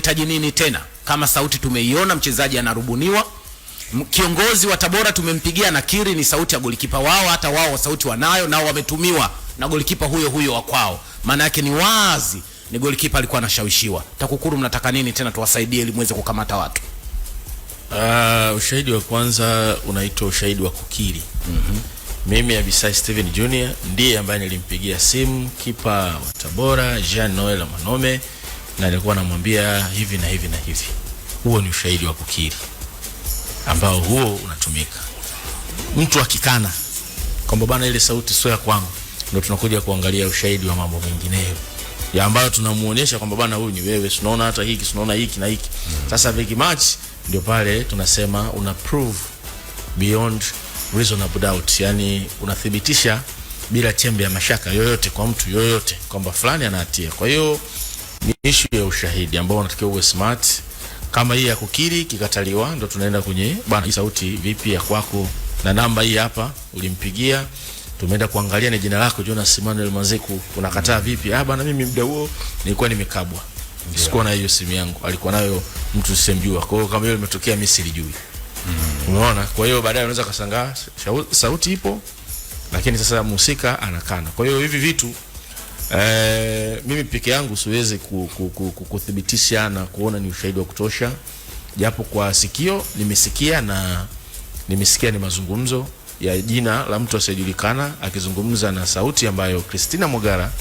tunahitaji nini tena? Kama sauti tumeiona, mchezaji anarubuniwa, kiongozi wa Tabora tumempigia na kiri ni sauti ya golikipa wao, hata wao sauti wanayo, nao wametumiwa na golikipa huyo huyo wa kwao. Maana yake ni wazi ni golikipa alikuwa anashawishiwa. TAKUKURU, mnataka nini tena tuwasaidie ili muweze kukamata watu? Uh, ushahidi wa kwanza unaitwa ushahidi wa kukiri. mm -hmm. Mimi Abisai Steven Junior ndiye ambaye nilimpigia simu kipa wa Tabora Jean Noel Manome na alikuwa anamwambia hivi na hivi na hivi. Huo ni ushahidi wa kukiri ambao huo unatumika. Mtu akikana kwamba bana, ile sauti sio ya kwangu, ndio tunakuja kuangalia ushahidi wa mambo mengineyo ya ambayo tunamuonyesha kwamba bana, huyu ni wewe, tunaona hata hiki, tunaona hiki na hiki. Hmm. Sasa match ndio pale tunasema una prove beyond reasonable doubt, yani unathibitisha bila chembe ya mashaka yoyote kwa mtu yoyote kwamba fulani ana Kwa hiyo ni ishu ya ushahidi ambao unatakiwa uwe smart. Kama hii ya kukiri kikataliwa, ndo tunaenda kwenye bana, sauti vipi ya kwako, na namba hii hapa ulimpigia, tumeenda kuangalia ni jina lako Jonas Emmanuel Maziku, unakataa vipi? Ah bana, mimi muda huo nilikuwa nimekabwa, yeah. sikuwa na hiyo simu yangu, alikuwa nayo mtu simjua. Kwa hiyo kama hiyo imetokea, mimi silijui. Mm. Unaona, kwa hiyo baadaye unaweza kasangaa sauti ipo, lakini sasa mhusika anakana. Kwa hiyo hivi vitu Eh, mimi peke yangu siwezi kuthibitisha na kuona ni ushahidi wa kutosha, japo kwa sikio nimesikia na nimesikia ni mazungumzo ya jina la mtu asiyejulikana akizungumza na Sauti, ambayo Christina Mogara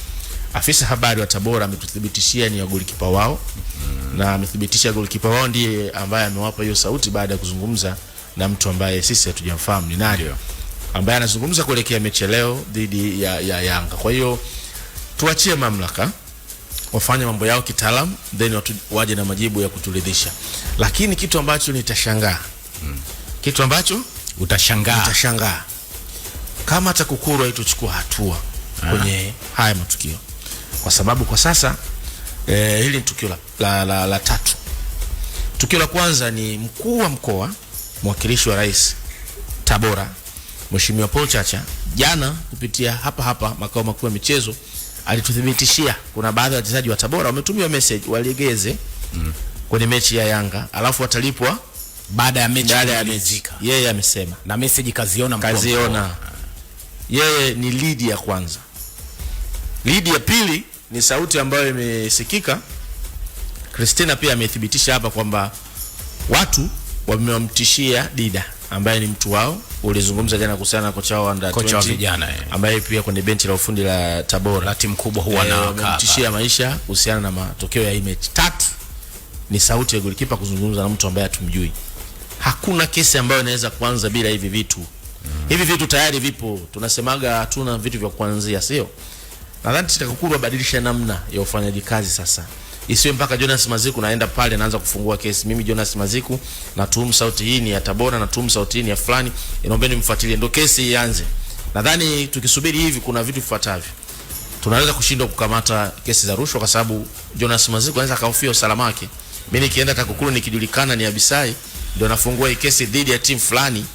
afisa habari wa Tabora ametuthibitishia ni ya golikipa wao mm. na amethibitisha golikipa wao ndiye ambaye amewapa hiyo sauti baada ya kuzungumza na mtu ambaye sisi hatujamfahamu ni nani, ambaye anazungumza kuelekea mechi leo dhidi ya, ya Yanga. Kwa hiyo tuachie mamlaka wafanye mambo yao kitaalamu, then waje na majibu ya kuturidhisha. Lakini kitu ambacho nitashangaa mm. kitu ambacho utashangaa, utashangaa kama TAKUKURU haituchukua hatua Aha. kwenye haya matukio, kwa sababu kwa sasa e, hili ni tukio la, la, la, la tatu. Tukio la kwanza ni mkuu wa mkoa mwakilishi wa rais Tabora, Mheshimiwa Paul Chacha, jana kupitia hapa hapa makao makuu ya michezo alituthibitishia kuna baadhi ya wachezaji wa Tabora wametumiwa message walegeze mm. kwenye mechi ya Yanga alafu watalipwa baada ya mechi. Baada ya mechi yeye amesema, na message kaziona, kaziona. Yeye ni lidi ya kwanza, lidi ya pili ni sauti ambayo imesikika. Christina pia amethibitisha hapa kwamba watu wamemtishia Dida ambaye ni mtu wao. Ulizungumza jana kuhusiana na kocha wao under 20 kocha wa vijana eh, ambaye pia kwenye benchi la ufundi la Tabora la timu kubwa huwa eh, na kutishia maisha kuhusiana na matokeo ya hii mechi. Tatu ni sauti ya goalkeeper kuzungumza na mtu ambaye hatumjui. Hakuna kesi ambayo inaweza kuanza bila hivi vitu mm. Hivi vitu tayari vipo, tunasemaga hatuna vitu vya kuanzia, sio? Nadhani TAKUKURU wabadilisha namna ya ufanyaji kazi sasa isiwe mpaka Jonas Maziku naenda pale naanza kufungua kesi. Mimi Jonas Maziku na natuhumu sauti hii ni ya Tabora, na natuhumu sauti hii ni ya fulani, naombeni mfuatilie, ndio kesi ianze. Nadhani tukisubiri hivi, kuna vitu vifuatavyo tunaweza kushindwa kukamata kesi za rushwa, kwa sababu Jonas Maziku anaweza akahofia usalama wake. Mimi nikienda TAKUKURU nikijulikana ni Abisai, ndio nafungua hii kesi dhidi ya timu fulani,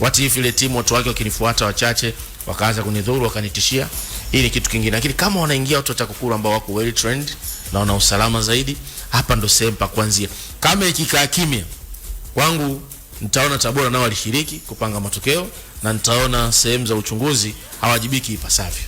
what if ile timu watu wake wakinifuata wachache wakaanza kunidhuru wakanitishia, hii ni kitu kingine. Lakini kama wanaingia watu wa TAKUKURU ambao wako well trained naona usalama zaidi. Hapa ndo sehemu pa kuanzia. Kama ikikaa kimya, kwangu nitaona Tabora nao walishiriki kupanga matokeo na nitaona sehemu za uchunguzi hawajibiki ipasavyo.